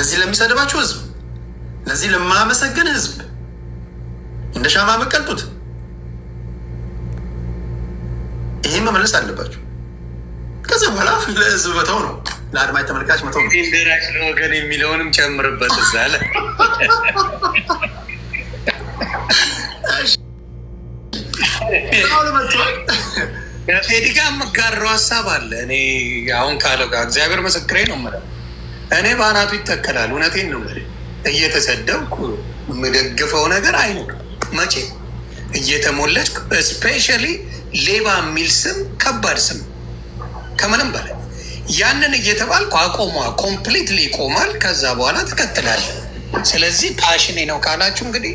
ለዚህ ለሚሰድባችሁ ህዝብ፣ ለዚህ ለማመሰግን ህዝብ እንደ ሻማ መቀልጡት ይህን መመለስ አለባቸው። ከዚህ በኋላ ለህዝብ መተው ነው፣ ለአድማጭ ተመልካች መተው ነው። ደራሽ ለወገን የሚለውንም ጨምርበት ዛለ ቴዲ ጋር ሀሳብ አለ። እኔ አሁን ካለው ጋር እግዚአብሔር ምስክሬ ነው የምለው እኔ በአናቱ ይተከላል። እውነቴን ነው የምልህ። እየተሰደብኩ የምደግፈው ነገር አይኖር መቼ እየተሞለች ስፔሻሊ ሌባ የሚል ስም ከባድ ስም ከምንም በላይ ያንን እየተባልኩ አቆሟ ኮምፕሊትሊ ይቆማል። ከዛ በኋላ ትቀጥላለ። ስለዚህ ፓሽኔ ነው ካላችሁ እንግዲህ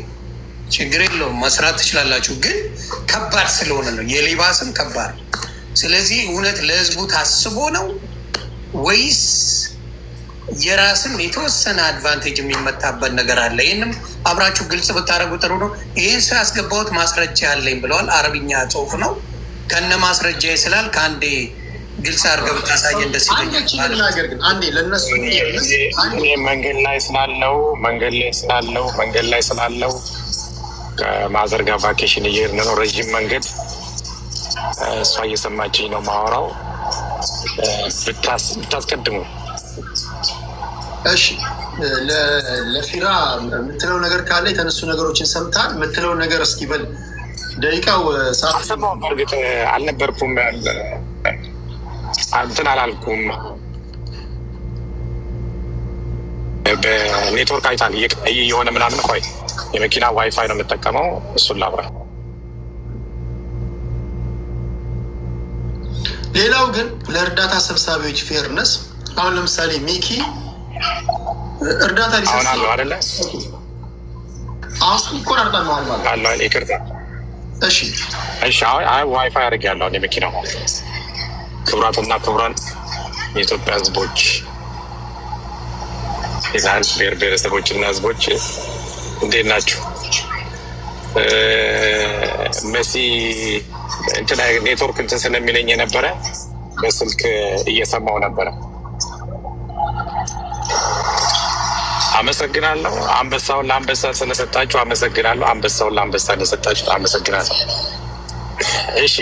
ችግር የለውም መስራት ትችላላችሁ። ግን ከባድ ስለሆነ ነው የሌባ ስም ከባድ። ስለዚህ እውነት ለህዝቡ ታስቦ ነው ወይስ የራስም የተወሰነ አድቫንቴጅ የሚመታበት ነገር አለ። ይህንም አብራችሁ ግልጽ ብታደረጉ ጥሩ ነው። ይህን ሰው ያስገባሁት ማስረጃ ያለኝ ብለዋል። አረብኛ ጽሁፍ ነው ከነ ማስረጃ ይስላል። ከአንዴ ግልጽ አድርገህ ብታሳየ ደስ ይለኛል። መንገድ ላይ ስላለው መንገድ ላይ ስላለው መንገድ ላይ ስላለው ከማዘር ጋር ቫኬሽን እየሄድን ነው። ረዥም መንገድ እሷ እየሰማችኝ ነው ማወራው ብታስቀድሙ እሺ ለፊራ የምትለው ነገር ካለ የተነሱ ነገሮችን ሰምታል። የምትለው ነገር እስኪበል ደቂቃው ሰአሰባው አልነበርኩም፣ እንትን አላልኩም። በኔትወርክ አይታል የሆነ ምናምን። ቆይ የመኪና ዋይፋይ ነው የምጠቀመው፣ እሱን ላብራ። ሌላው ግን ለእርዳታ ሰብሳቢዎች ፌርነስ፣ አሁን ለምሳሌ ሚኪ እርዳታ ሊሰሁን አደለ ሊሰጥ አለው አይደለ? ይቅርታ። እሺ፣ እሺ። አይ ዋይፋይ ያለው አድርጌያለሁ የመኪናው ክቡራትና ክቡራን የኢትዮጵያ ሕዝቦች የዛንስ ብሔር ብሔረሰቦች እና ህዝቦች እንዴት ናቸው? መሲ ኔትወርክ እንትን ስለሚለኝ የነበረ በስልክ እየሰማው ነበረ። አመሰግናለሁ። አንበሳውን ለአንበሳ ስለሰጣችሁ አመሰግናለሁ። አንበሳውን ለአንበሳ ስለሰጣችሁ አመሰግናለሁ። እሺ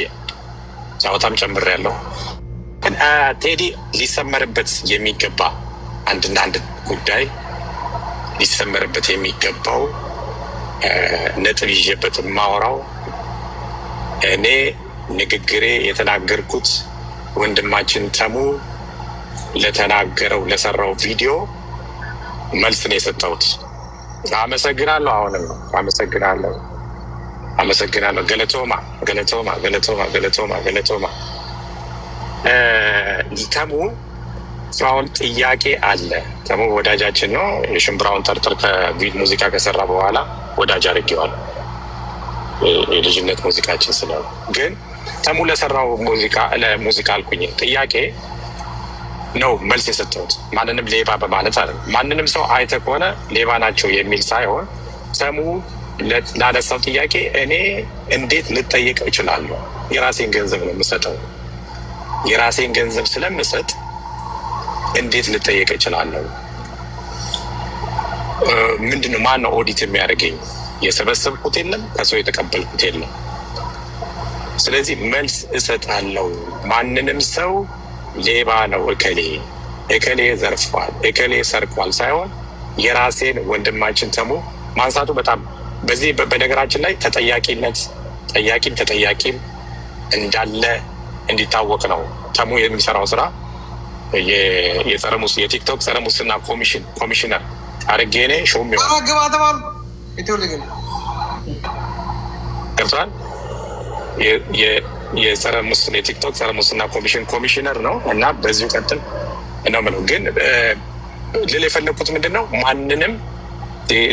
ጨምር ጨምሬያለሁ። ቴዲ ሊሰመርበት የሚገባ አንድና አንድ ጉዳይ ሊሰመርበት የሚገባው ነጥብ ይዤበት የማወራው እኔ ንግግሬ የተናገርኩት ወንድማችን ተሙ ለተናገረው ለሰራው ቪዲዮ መልስ ነው የሰጠሁት። አመሰግናለሁ። አሁንም አመሰግናለሁ፣ አመሰግናለሁ። ገለቶማ ገለቶማ ገለቶማ ገለቶማ ገለቶማ ተሙ አሁን ጥያቄ አለ። ተሙ ወዳጃችን ነው። የሽምብራውን ጠርጥር ከቪድ ሙዚቃ ከሰራ በኋላ ወዳጅ አድርጌዋለሁ። የልጅነት ሙዚቃችን ስለሆነ ግን ተሙ ለሰራው ሙዚቃ ለሙዚቃ አልኩኝ ጥያቄ ነው መልስ የሰጠሁት። ማንንም ሌባ በማለት አለ ማንንም ሰው አይተ ከሆነ ሌባ ናቸው የሚል ሳይሆን ሰሙ ላነሳው ጥያቄ እኔ እንዴት ልጠይቅ እችላለሁ? የራሴን ገንዘብ ነው የምሰጠው። የራሴን ገንዘብ ስለምሰጥ እንዴት ልጠየቅ እችላለሁ? ምንድነው? ማን ነው ኦዲት የሚያደርገኝ? የሰበሰብኩት የለም፣ ከሰው የተቀበልኩት የለም። ስለዚህ መልስ እሰጣለሁ ማንንም ሰው ሌባ ነው እከሌ እከሌ ዘርፏል፣ እከሌ ሰርቋል ሳይሆን የራሴን ወንድማችን ተሙ ማንሳቱ በጣም በዚህ በነገራችን ላይ ተጠያቂነት ጠያቂም ተጠያቂም እንዳለ እንዲታወቅ ነው። ተሙ የሚሰራው ስራ የቲክቶክ ጸረ ኮሚሽን ኮሚሽነር አድርጌ እኔ ሹም ገብቷል። የጸረ ሙስና የቲክቶክ ጸረ ሙስና ኮሚሽን ኮሚሽነር ነው እና በዚሁ ቀጥል ነው ምለው። ግን ልል የፈለግኩት ምንድን ነው ማንንም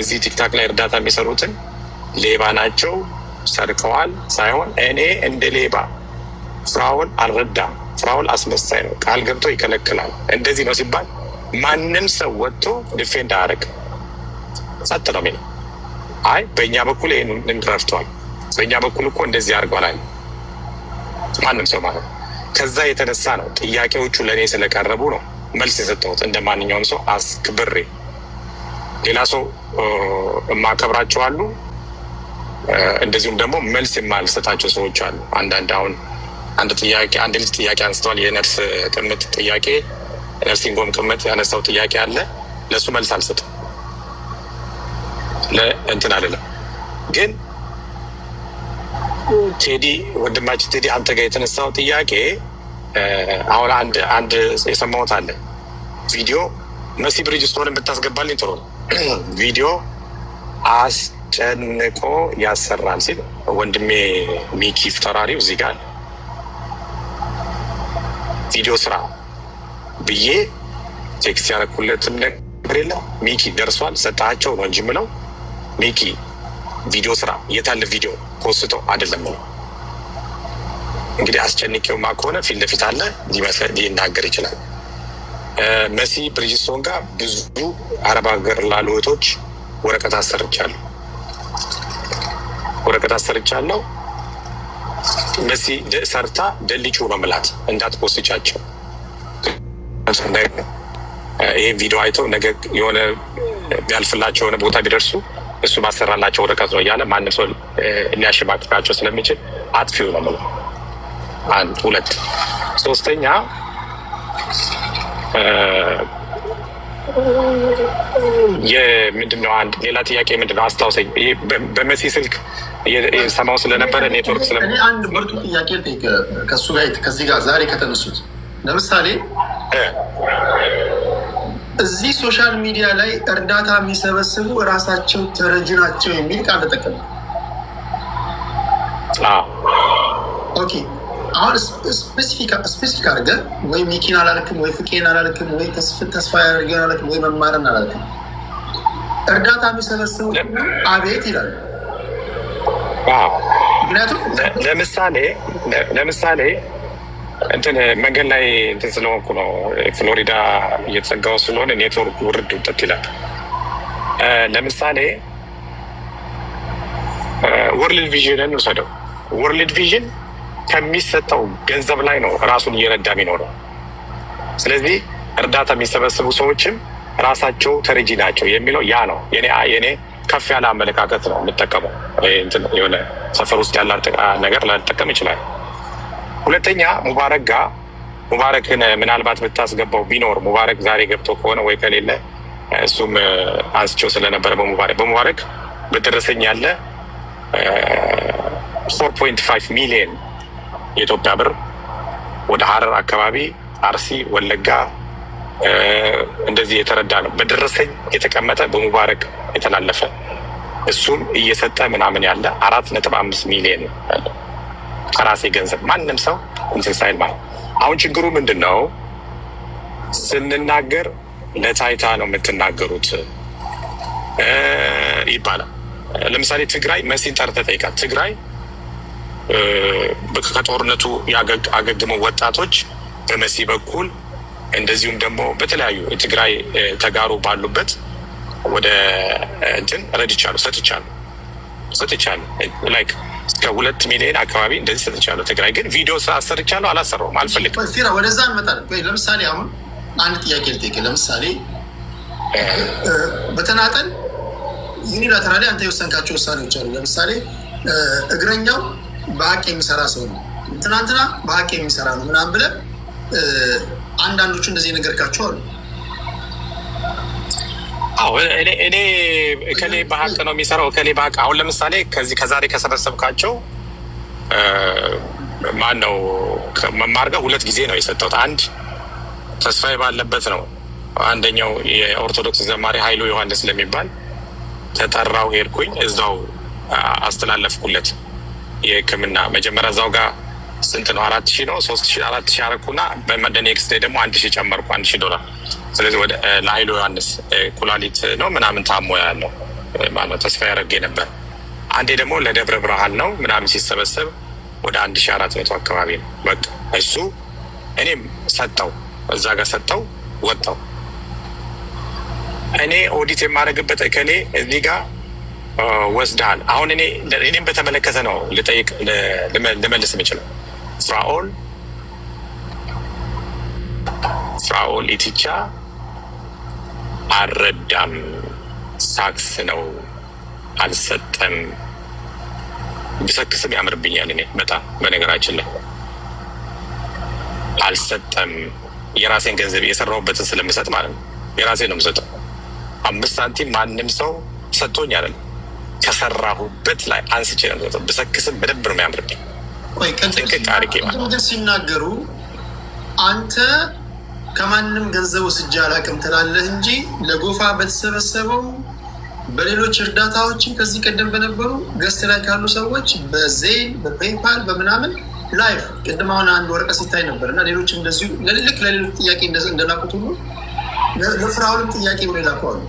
እዚህ ቲክታክ ላይ እርዳታ የሚሰሩትን ሌባ ናቸው ሰርከዋል ሳይሆን እኔ እንደ ሌባ ፍራውን አልረዳም፣ ፍራውን አስመሳይ ነው ቃል ገብቶ ይከለክላል፣ እንደዚህ ነው ሲባል ማንም ሰው ወጥቶ ዲፌንድ አያደርግ ጸጥ ነው ሚለው። አይ በእኛ በኩል ይህን ረድተዋል፣ በእኛ በኩል እኮ እንደዚህ አድርገዋል ማንም ሰው ማለት ነው። ከዛ የተነሳ ነው ጥያቄዎቹ ለእኔ ስለቀረቡ ነው መልስ የሰጠሁት እንደ ማንኛውም ሰው አስክብሬ። ሌላ ሰው የማከብራቸው አሉ፣ እንደዚሁም ደግሞ መልስ የማልሰጣቸው ሰዎች አሉ። አንዳንድ አሁን አንድ ጥያቄ አንድ ልጅ ጥያቄ አንስተዋል። የነርስ ቅምጥ ጥያቄ ነርሲንግ ሆም ቅምጥ ያነሳው ጥያቄ አለ። ለእሱ መልስ አልሰጥም እንትን አይደለም ግን ቴዲ ወንድማችን ቴዲ አንተ ጋር የተነሳው ጥያቄ አሁን አንድ አንድ የሰማሁት አለ ቪዲዮ መሲ ብሪጅስቶንን ብታስገባልኝ ጥሩ ነው። ቪዲዮ አስጨንቆ ያሰራል ሲል ወንድሜ ሚኪ ተራሪው እዚህ ጋር ቪዲዮ ስራ ብዬ ቴክስት ያደረኩለትን ነገር የለም ሚኪ ደርሷል ሰጣቸው ነው እንጂ ምለው ሚኪ ቪዲዮ ስራ የታለ ቪዲዮ ኮስቶ አይደለም ነው እንግዲህ አስጨንቄውማ ከሆነ ፊት ለፊት አለ ሊናገር ይችላል። መሲ ብሪጅስቶን ጋር ብዙ አረብ ሀገር ላሉ እህቶች ወረቀት አሰርቻለሁ ወረቀት አሰርቻለሁ። መሲ ሰርታ ደልጩ መምላት እንዳትፖስቻቸው ይህ ቪዲዮ አይተው ነገ የሆነ ቢያልፍላቸው የሆነ ቦታ ቢደርሱ እሱ ባሰራላቸው ወረቀት ነው እያለ ማንም ሰው ሊያሸማቅቃቸው ስለሚችል አጥፊው ነው ምለው። አንድ ሁለት ሶስተኛ የምንድነው አንድ ሌላ ጥያቄ ምንድነው? አስታውሰኝ። በመሲ ስልክ ሰማው ስለነበረ ኔትወርክ ስለ አንድ ምርጡ ጥያቄ ከሱ ጋር ከዚህ ጋር ዛሬ ከተነሱት ለምሳሌ እዚህ ሶሻል ሚዲያ ላይ እርዳታ የሚሰበስቡ እራሳቸው ተረጅ ናቸው የሚል ቃል ተጠቀም። ኦኬ አሁን ስፔሲፊክ አድርገህ ወይ ሚኪን አላልክም፣ ወይ ፍቄን አላልክም፣ ወይ ተስፋ ያደርገ አላልክም፣ ወይ መማርን አላልክም። እርዳታ የሚሰበስቡ አቤት ይላል። ምክንያቱም ለምሳሌ ለምሳሌ እንትን መንገድ ላይ እንትን ስለሆንኩ ነው። ፍሎሪዳ እየተጠጋው ስለሆነ ኔትወርክ ውርድ ውጠት ይላል። ለምሳሌ ወርልድ ቪዥንን ውሰደው። ወርልድ ቪዥን ከሚሰጠው ገንዘብ ላይ ነው ራሱን እየረዳ የሚኖረው። ስለዚህ እርዳታ የሚሰበስቡ ሰዎችም ራሳቸው ተረጂ ናቸው የሚለው ያ ነው። የኔ የኔ ከፍ ያለ አመለካከት ነው የምጠቀመው። የሆነ ሰፈር ውስጥ ያለ ነገር ላልጠቀም ይችላል። ሁለተኛ ሙባረክ ጋ ሙባረክን ምናልባት ብታስገባው ቢኖር ሙባረክ ዛሬ ገብቶ ከሆነ ወይ ከሌለ እሱም አንስቸው ስለነበረ በሙባረክ በሙባረክ በደረሰኝ ያለ ፎር ፖይንት ፋይቭ ሚሊየን የኢትዮጵያ ብር ወደ ሀረር አካባቢ አርሲ፣ ወለጋ እንደዚህ የተረዳ ነው። በደረሰኝ የተቀመጠ በሙባረክ የተላለፈ እሱም እየሰጠ ምናምን ያለ አራት ነጥብ አምስት ሚሊየን ያለው ከራሴ ገንዘብ ማንም ሰው ኮንሰሳይል ማለት አሁን ችግሩ ምንድን ነው? ስንናገር ለታይታ ነው የምትናገሩት ይባላል። ለምሳሌ ትግራይ መሲን ጠር ተጠይቃል። ትግራይ ከጦርነቱ አገግመው ወጣቶች በመሲ በኩል እንደዚሁም ደግሞ በተለያዩ የትግራይ ተጋሩ ባሉበት ወደ እንትን ረድቻለሁ ሰጥቻለሁ ሰጥቻለሁ ላይክ እስከ ሁለት ሚሊዮን አካባቢ እንደዚህ ሰጥቻለሁ። ትግራይ ግን ቪዲዮ አሰርቻለሁ። አላሰራውም፣ አልፈልግም። ፊራ ወደዛ እንመጣለን። ለምሳሌ አሁን አንድ ጥያቄ ልጠይቅ። ለምሳሌ በተናጠል ዩኒላተራሊ አንተ የወሰንካቸው ውሳኔዎች አሉ። ለምሳሌ እግረኛው በሀቅ የሚሰራ ሰው ነው፣ ትናንትና በሀቅ የሚሰራ ነው ምናምን ብለህ አንዳንዶቹ እንደዚህ ነገርካቸው አሉ አዎ እኔ ከሌ በሀቅ ነው የሚሰራው። ከሌ በሀቅ አሁን ለምሳሌ ከዚህ ከዛሬ ከሰበሰብካቸው ማን ነው መማርጋ ሁለት ጊዜ ነው የሰጠሁት። አንድ ተስፋዬ ባለበት ነው። አንደኛው የኦርቶዶክስ ዘማሪ ሀይሉ ዮሐንስ ለሚባል ተጠራው፣ ሄድኩኝ፣ እዛው አስተላለፍኩለት የህክምና መጀመሪያ እዛው ጋር ስንት ነው? አራት ሺ ነው። ሶስት ሺህ አራት ሺ አረኩና በመደኔክስ ላይ ደግሞ አንድ ሺ ጨመርኩ፣ አንድ ሺ ዶላር። ስለዚህ ወደ ለሀይሉ ዮሐንስ ኩላሊት ነው ምናምን ታሞ ያለው ማለት ተስፋ ያደረገ ነበር። አንዴ ደግሞ ለደብረ ብርሃን ነው ምናምን ሲሰበሰብ ወደ አንድ ሺ አራት መቶ አካባቢ ነው። በቃ እሱ እኔም ሰጠው፣ እዛ ጋር ሰጠው፣ ወጣው። እኔ ኦዲት የማደርግበት እከሌ እዚህ ጋር ወስደሃል። አሁን እኔ እኔም በተመለከተ ነው ልጠይቅ ልመልስ የምችለው ፍራኦል ፍራኦል ኢትቻ አልረዳም፣ ሳክስ ነው አልሰጠም። ብሰክስም ያምርብኛል እኔ በጣም በነገራችን ላይ አልሰጠም። የራሴን ገንዘብ የሰራሁበትን ስለምሰጥ ማለት ነው። የራሴ ነው የምሰጠው። አምስት ሳንቲም ማንም ሰው ሰጥቶኝ አይደለም፣ ከሰራሁበት ላይ አንስቼ ነው። ብሰክስም በደንብ ነው የሚያምርብኝ። ቆይ ሲናገሩ አንተ ከማንም ገንዘብ ወስጄ አላውቅም ትላለህ እንጂ ለጎፋ በተሰበሰበው በሌሎች እርዳታዎችን ከዚህ ቀደም በነበሩ ገስት ላይ ካሉ ሰዎች በዜል በፔይፓል በምናምን ላይፍ ቅድም አሁን አንድ ወረቀት ሲታይ ነበር እና ሌሎች እንደዚሁ ለልክ ለሌሎች ጥያቄ እንደላኩት ሁሉ ለፍራውንም ጥያቄ ብሎ ይላከዋሉ።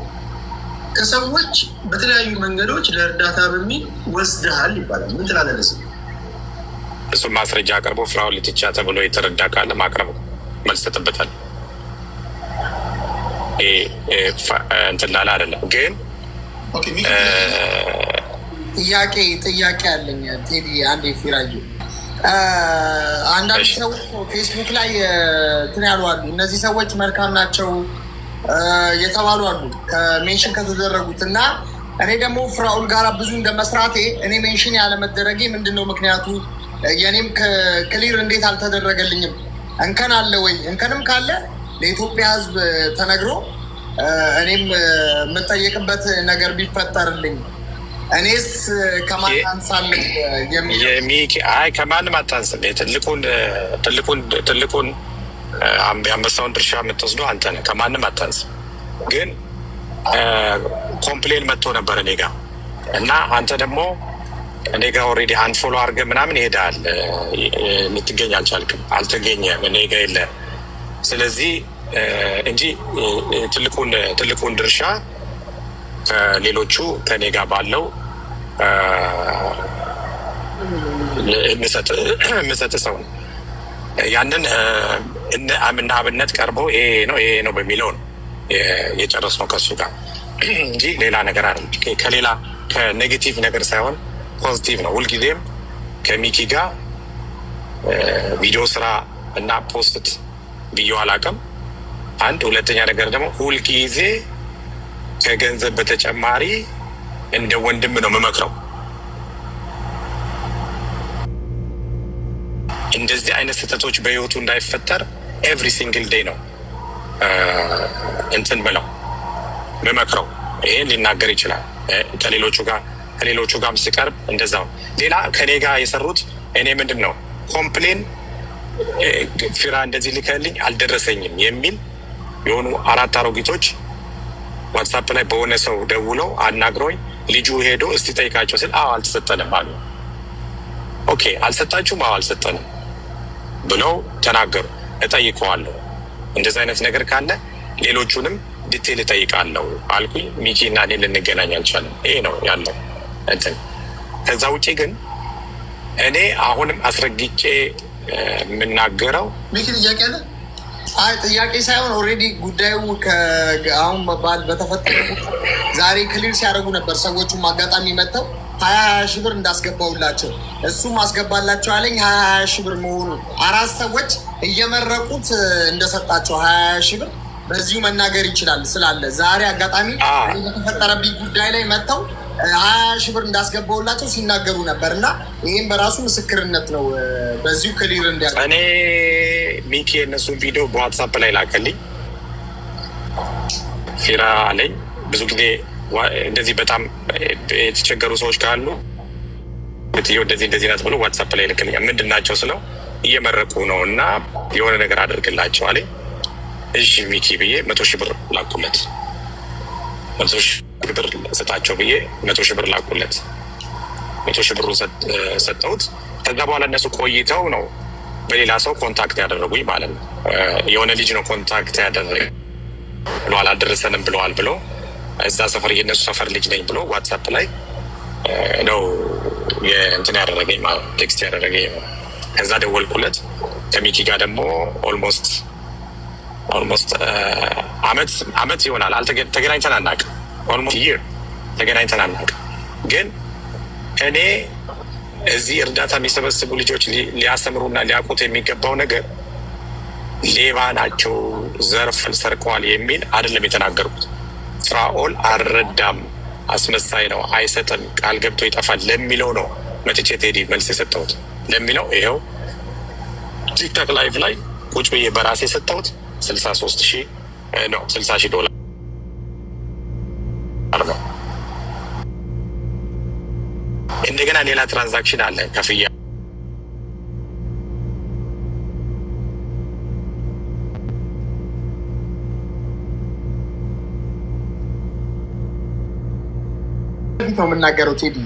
ከሰዎች በተለያዩ መንገዶች ለእርዳታ በሚል ወስደሃል ይባላል። ምን ትላለህ? እሱም ማስረጃ አቅርቦ ፍራውን ልትቻ ተብሎ የተረዳ ቃል ማቅረብ መልስ ሰጥበታል። እንትን ላለ አይደለም ግን ጥያቄ ጥያቄ አለኝ ቴዲ አንድ ፊራዩ አንዳንድ ሰዎች ፌስቡክ ላይ እንትን ያሉ አሉ። እነዚህ ሰዎች መልካም ናቸው የተባሉ አሉ ሜንሽን ከተደረጉት እና እኔ ደግሞ ፍራኦል ጋር ብዙ እንደመስራቴ እኔ ሜንሽን ያለመደረጌ ምንድን ነው ምክንያቱ? የኔም ክሊር እንዴት አልተደረገልኝም? እንከን አለ ወይ? እንከንም ካለ ለኢትዮጵያ ሕዝብ ተነግሮ እኔም የምጠየቅበት ነገር ቢፈጠርልኝ እኔስ ከማን አንሳለሁ የሚል አይ ከማንም አታንስም። ትልቁን ትልቁን ትልቁን የአንበሳውን ድርሻ የምትወስደው አንተ ነህ። ከማንም አታንስም። ግን ኮምፕሌን መጥቶ ነበር እኔ ጋ እና አንተ ደግሞ እኔ ጋር ኦልሬዲ አንድ ፎሎ አድርገህ ምናምን ይሄዳል ልትገኝ አልቻልክም፣ አልተገኘም፣ እኔ ጋ የለ። ስለዚህ እንጂ ትልቁን ድርሻ ከሌሎቹ ከእኔ ጋር ባለው የምሰጥ ሰው ነው። ያንን እነ አብነት ቀርቦ ይሄ ነው ይሄ ነው በሚለው ነው የጨረስነው ከሱ ጋር እንጂ ሌላ ነገር አለ ከሌላ ከኔጌቲቭ ነገር ሳይሆን ፖዚቲቭ ነው። ሁልጊዜም ከሚኪ ጋር ቪዲዮ ስራ እና ፖስት ብዬ አላውቅም። አንድ ሁለተኛ ነገር ደግሞ ሁልጊዜ ከገንዘብ በተጨማሪ እንደ ወንድም ነው የምመክረው። እንደዚህ አይነት ስህተቶች በህይወቱ እንዳይፈጠር ኤቭሪ ሲንግል ዴይ ነው እንትን ብለው ምመክረው። ይሄን ሊናገር ይችላል ከሌሎቹ ጋር ከሌሎቹ ጋርም ሲቀርብ እንደዛው። ሌላ ከኔ ጋር የሰሩት እኔ ምንድን ነው ኮምፕሌን ፊራ እንደዚህ ልከልኝ አልደረሰኝም የሚል የሆኑ አራት አሮጊቶች ዋትሳፕ ላይ በሆነ ሰው ደውለው አናግሮኝ ልጁ ሄዶ እስቲ ጠይቃቸው ስል አዎ አልተሰጠንም አሉ። ኦኬ አልሰጣችሁም? አዎ አልሰጠንም ብለው ተናገሩ። እጠይቀዋለሁ እንደዚ አይነት ነገር ካለ ሌሎቹንም ዲቴል እጠይቃለሁ አልኩኝ። ሚኪ እና እኔ ልንገናኝ አልቻለም። ይሄ ነው ያለው። እንትን ከዛ ውጭ ግን እኔ አሁንም አስረግጬ የምናገረው ሚኪ ጥያቄ አለ። አይ ጥያቄ ሳይሆን ኦልሬዲ ጉዳዩ አሁን ባል በተፈጠረ ዛሬ ክሊር ሲያደርጉ ነበር። ሰዎቹም አጋጣሚ መጥተው ሀያ ሀያ ሺህ ብር እንዳስገባውላቸው እሱም አስገባላቸው አለኝ። ሀያ ሀያ ሺህ ብር መሆኑ አራት ሰዎች እየመረቁት እንደሰጣቸው ሀያ ሀያ ሺህ ብር በዚሁ መናገር ይችላል ስላለ ዛሬ አጋጣሚ በተፈጠረብኝ ጉዳይ ላይ መጥተው ሀያ ሺህ ብር እንዳስገባውላቸው ሲናገሩ ነበር እና ይህም በራሱ ምስክርነት ነው። በዚሁ ክሊር እንዲያ እኔ ሚኪ የእነሱን ቪዲዮ በዋትሳፕ ላይ ላከልኝ ፊራ አለኝ። ብዙ ጊዜ እንደዚህ በጣም የተቸገሩ ሰዎች ካሉ ትዮ እንደዚህ እንደዚህ ናት ብሎ ዋትሳፕ ላይ ልክልኛል። ምንድን ናቸው ስለው እየመረቁ ነው እና የሆነ ነገር አደርግላቸው አለኝ። እሺ ሚኪ ብዬ መቶ ሺህ ብር ላኩለት መቶ ሺህ ብር ስጣቸው ብዬ መቶ ሺህ ብር ላኩለት። መቶ ሺህ ብሩን ሰጠሁት። ከዛ በኋላ እነሱ ቆይተው ነው በሌላ ሰው ኮንታክት ያደረጉኝ ማለት ነው። የሆነ ልጅ ነው ኮንታክት ያደረገ ብለዋል፣ አልደረሰንም ብለዋል ብሎ እዛ ሰፈር የእነሱ ሰፈር ልጅ ነኝ ብሎ ዋትሳፕ ላይ ነው እንትን ያደረገኝ ቴክስት ያደረገኝ ነው። ከዛ ደወልኩለት ከሚኪ ጋር ደግሞ ኦልሞስት ኦልሞስት አመት አመት ይሆናል ተገናኝተን አናውቅም ኦልሞስት ይር ተገናኝተን አናውቅም። ግን እኔ እዚህ እርዳታ የሚሰበስቡ ልጆች ሊያስተምሩና ሊያውቁት የሚገባው ነገር ሌባ ናቸው፣ ዘርፍን ሰርቀዋል የሚል አይደለም የተናገርኩት። ፍራኦል አልረዳም፣ አስመሳይ ነው፣ አይሰጥም፣ ቃል ገብቶ ይጠፋል ለሚለው ነው መጥቼ ቴዲ መልስ የሰጠሁት ለሚለው ይኸው ቲክቶክ ላይቭ ላይ ቁጭ ብዬ በራሴ የሰጠሁት ስልሳ ሶስት ሺህ ነው ስልሳ ሺህ ዶላር እንደገና ሌላ ትራንዛክሽን አለ ከፍያ ፊት ነው የምናገረው። ቴዲ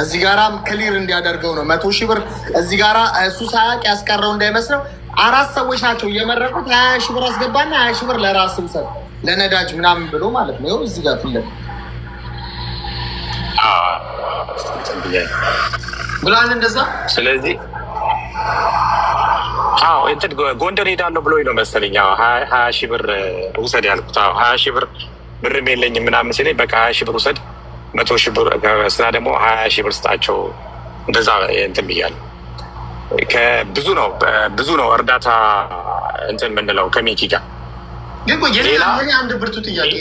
እዚህ ጋራ ክሊር እንዲያደርገው ነው። መቶ ሺህ ብር እዚህ ጋራ እሱ ሳያውቅ ያስቀረው እንዳይመስለው። አራት ሰዎች ናቸው እየመረቁት ሀያ ሺህ ብር አስገባና ሀያ ሺህ ብር ለራስም ሰጥ ለነዳጅ ምናምን ብሎ ማለት ነው። እዚህ ጋር ፊት ለፊት ብላን እንደዛ። ስለዚህ አዎ እንትን ጎንደር ሄዳለሁ ብሎኝ ነው መሰለኝ ሀያ ሺህ ብር ውሰድ ያልኩት። አዎ ሀያ ሺህ ብር ብርም የለኝም ምናምን ሲለኝ በቃ ሀያ ሺህ ብር ውሰድ፣ መቶ ሺህ ብር ስራ ደግሞ ሀያ ሺህ ብር ስጣቸው እንደዛ እንትን ብያለሁ። ብዙ ነው ብዙ ነው እርዳታ እንትን የምንለው ከሚኪ ጋር ግን አንድ ብርቱ ጥያቄ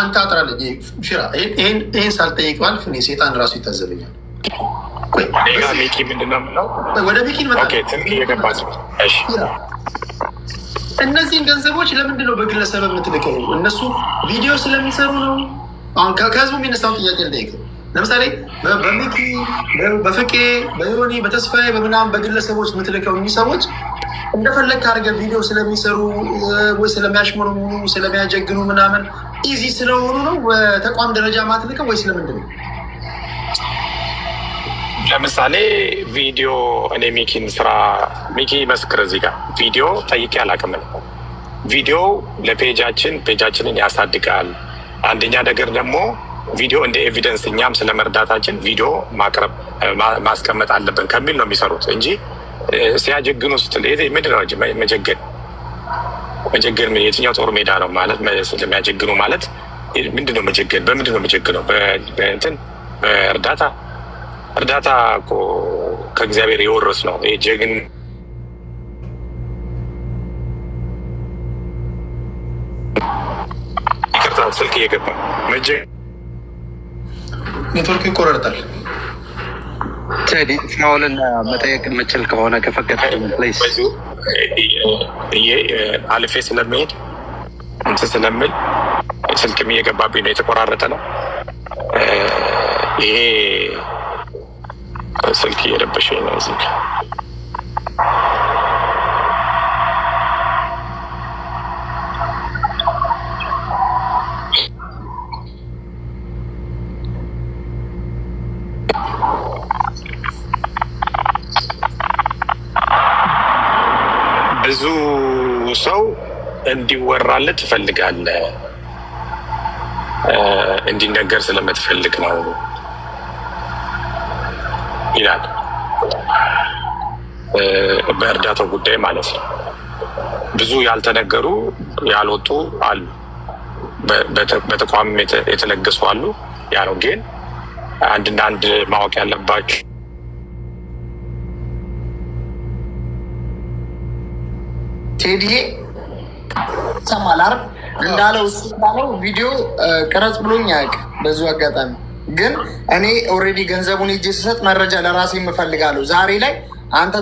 አንተ አጥራለኝ ሽራ ይህን ሳልጠይቅ ባልክ እኔ ሴጣን ራሱ ይታዘብኛል። ወደ ሚኪ እነዚህን ገንዘቦች ለምንድን ነው በግለሰብ የምትልቀው እነሱ ቪዲዮ ስለሚሰሩ ነው። አሁን ከህዝቡ የሚነሳው ጥያቄ ልጠይቅ። ለምሳሌ በሚኪ በፍቄ በኢሮኒ በተስፋዬ በምናምን በግለሰቦች የምትልቀው እኚህ ሰዎች እንደፈለግ አድርገህ ቪዲዮ ስለሚሰሩ ወይ ስለሚያጀግኑ ምናምን ኢዚ ስለሆኑ ነው በተቋም ደረጃ ማትልቀው ወይ ስለምንድን ነው? ለምሳሌ ቪዲዮ እኔ ሚኪን ስራ ሚኪ መስክር እዚህ ጋር ቪዲዮ ጠይቄ አላቅም። ቪዲዮ ለፔጃችን ፔጃችንን ያሳድጋል። አንደኛ ነገር ደግሞ ቪዲዮ እንደ ኤቪደንስ እኛም ስለ መርዳታችን ቪዲዮ ማቅረብ ማስቀመጥ አለብን ከሚል ነው የሚሰሩት እንጂ ሲያጀግኑ ስትል ምንድን ነው መጀገን መቸገር የትኛው ጦር ሜዳ ነው ማለት የሚያቸግሩ ማለት ምንድን ነው? መጀገን በምንድን ነው መጀገነው? በእንትን በእርዳታ እርዳታ እኮ ከእግዚአብሔር የወረስ ነው። ይሄ ጀግን ይቅርታ፣ ስልክ እየገባ መጀ ኔትወርክ ይቆረጣል። ቴዲ ስራውንና መጠየቅ የምችል ከሆነ ከፈቀደ ፕሌስ ብዬ አልፌ ስለምሄድ እንትን ስለምል ስልክም እየገባብኝ ነው፣ የተቆራረጠ ነው ይሄ ስልክ እየረበሸኝ ነው እዚህ ብዙ ሰው እንዲወራለት ትፈልጋለህ፣ እንዲነገር ስለምትፈልግ ነው ይላል። በእርዳታው ጉዳይ ማለት ነው። ብዙ ያልተነገሩ ያልወጡ አሉ፣ በተቋም የተለገሱ አሉ። ያ ነው ግን አንድና አንድ ማወቅ ያለባቸው እንዳለው እሱ እንዳለው ቪዲዮ ቅረጽ ብሎኝ አያውቅም። በዚሁ አጋጣሚ ግን እኔ ኦልሬዲ ገንዘቡን እጅ ስሰጥ መረጃ ለራሴ የምፈልጋለሁ። ዛሬ ላይ አንተ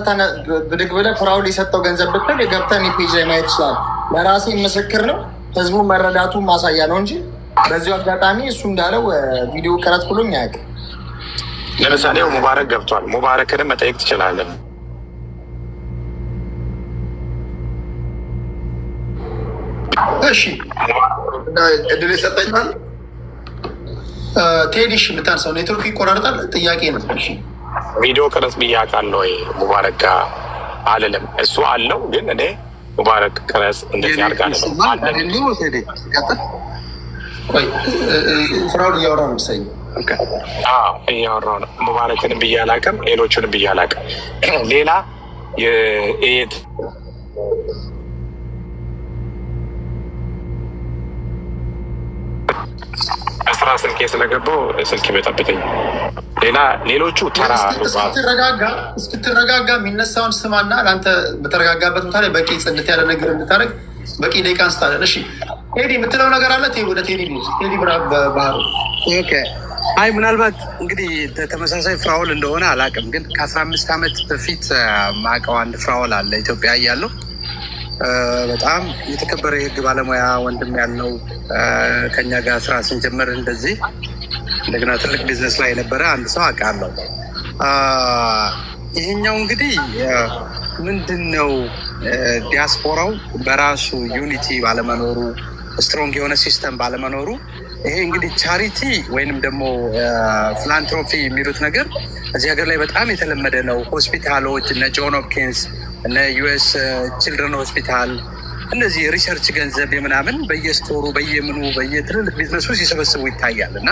ብድግ ብለህ ፍራውል የሰጠው ገንዘብ ብትል የገብተን ፔጅ ላይ ማየት ይችላል። ለራሴ ምስክር ነው፣ ህዝቡ መረዳቱ ማሳያ ነው እንጂ በዚሁ አጋጣሚ እሱ እንዳለው ቪዲዮ ቅረጽ ብሎኝ አያውቅም። ለምሳሌ ሙባረክ ገብቷል። ሙባረክንም መጠየቅ ትችላለን። እሺ እድል ይሰጠኛል። ቴዲሽ የምታል ሰው ኔትወርክ ይቆራርጣል። ጥያቄ ነው። እሺ ቪዲዮ ቀረጽ ብዬ አውቃለሁ ወይ ሙባረክ ጋር አልልም። እሱ አለው ግን እኔ ሙባረክ ቀረጽ እንደዚህ አድርጋለሁ። እያወራ ነው ሰኝ እያወራሁ ነው። ሙባረክን ብያላቅም አላውቅም፣ ሌሎቹን ብዬ አላውቅም። ሌላ ከስራ ስልኬ ስለገባው ስልክ ይመጣብኝ። ሌላ ሌሎቹ ተራ እስክትረጋጋ የሚነሳውን ስማና ለአንተ በተረጋጋበት ቦታ ላይ በቂ ጽድት ያለ ነገር እንድታደርግ በቂ ደቂቃ እንስታለን። እሺ ቴዲ የምትለው ነገር አለ? ወደ ቴዲ ቴዲ ባህሩ አይ ምናልባት እንግዲህ ተመሳሳይ ፍራውል እንደሆነ አላውቅም፣ ግን ከአስራ አምስት ዓመት በፊት ማቀው አንድ ፍራውል አለ ኢትዮጵያ እያለሁ በጣም የተከበረ የህግ ባለሙያ ወንድም ያለው ከኛ ጋር ስራ ስንጀምር እንደዚህ እንደገና ትልቅ ቢዝነስ ላይ የነበረ አንድ ሰው አውቃለሁ። ይህኛው እንግዲህ ምንድን ነው ዲያስፖራው በራሱ ዩኒቲ ባለመኖሩ ስትሮንግ የሆነ ሲስተም ባለመኖሩ ይሄ እንግዲህ ቻሪቲ ወይንም ደግሞ ፊላንትሮፊ የሚሉት ነገር እዚህ ሀገር ላይ በጣም የተለመደ ነው። ሆስፒታሎች እነ ጆን ሆፕኪንስ እነ ዩኤስ ችልድረን ሆስፒታል እነዚህ ሪሰርች ገንዘብ የምናምን በየስቶሩ በየምኑ በየትልልቅ ቢዝነሱ ሲሰበስቡ ይታያል። እና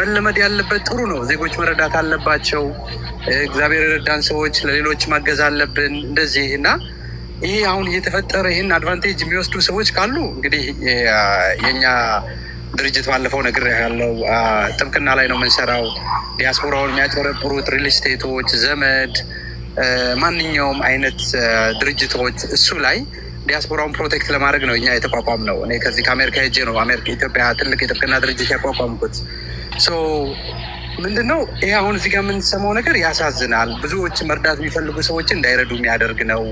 መለመድ ያለበት ጥሩ ነው። ዜጎች መረዳት አለባቸው። እግዚአብሔር የረዳን ሰዎች ለሌሎች ማገዝ አለብን። እንደዚህ እና ይሄ አሁን እየተፈጠረ ይህን አድቫንቴጅ የሚወስዱ ሰዎች ካሉ እንግዲህ የኛ ድርጅት ባለፈው ነግር ያለው ጥብቅና ላይ ነው የምንሰራው። ዲያስፖራውን የሚያጨረብሩት ሪል ስቴቶች ዘመድ ማንኛውም አይነት ድርጅቶች እሱ ላይ ዲያስፖራውን ፕሮቴክት ለማድረግ ነው እኛ የተቋቋም ነው። እኔ ከዚህ ከአሜሪካ ሄጄ ነው አሜሪካ ኢትዮጵያ ትልቅ የጥብቅና ድርጅት ያቋቋምኩት። ምንድን ነው ይሄ አሁን እዚህ ጋር የምንሰማው ነገር ያሳዝናል። ብዙዎች መርዳት የሚፈልጉ ሰዎች እንዳይረዱ የሚያደርግ ነው።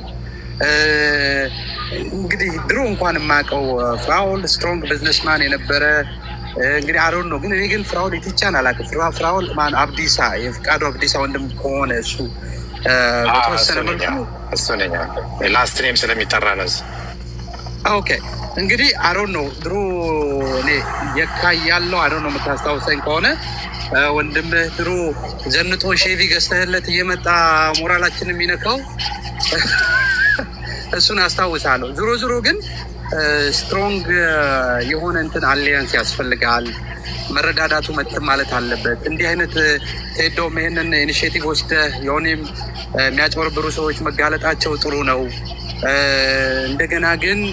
እንግዲህ ድሮ እንኳን የማውቀው ፍራውል ስትሮንግ ቢዝነስማን የነበረ እንግዲህ አሮን ነው ግን እኔ ግን ፍራውል የትቻን አላውቅም። ፍራውል ማን አብዲሳ የፍቃዱ አብዲሳ ወንድም ከሆነ እሱ በተወሰነ መልኩ ላስት ኔም ስለሚጠራ ነው። ኦኬ እንግዲህ አሮ ነው ድሮ እኔ የካ ያለው አሮ ነው የምታስታውሰኝ ከሆነ ወንድም ድሮ ዘንቶ ሼቪ ገዝተህለት እየመጣ ሞራላችን የሚነካው እሱን አስታውሳለሁ። ዝሮ ዝሮ ግን ስትሮንግ የሆነ እንትን አሊያንስ ያስፈልጋል። መረዳዳቱ መጥ ማለት አለበት። እንዲህ አይነት ቴዶም ይህንን ኢኒሽቲቭ ወስደ የሆኔም የሚያጭበርብሩ ሰዎች መጋለጣቸው ጥሩ ነው። እንደገና ግን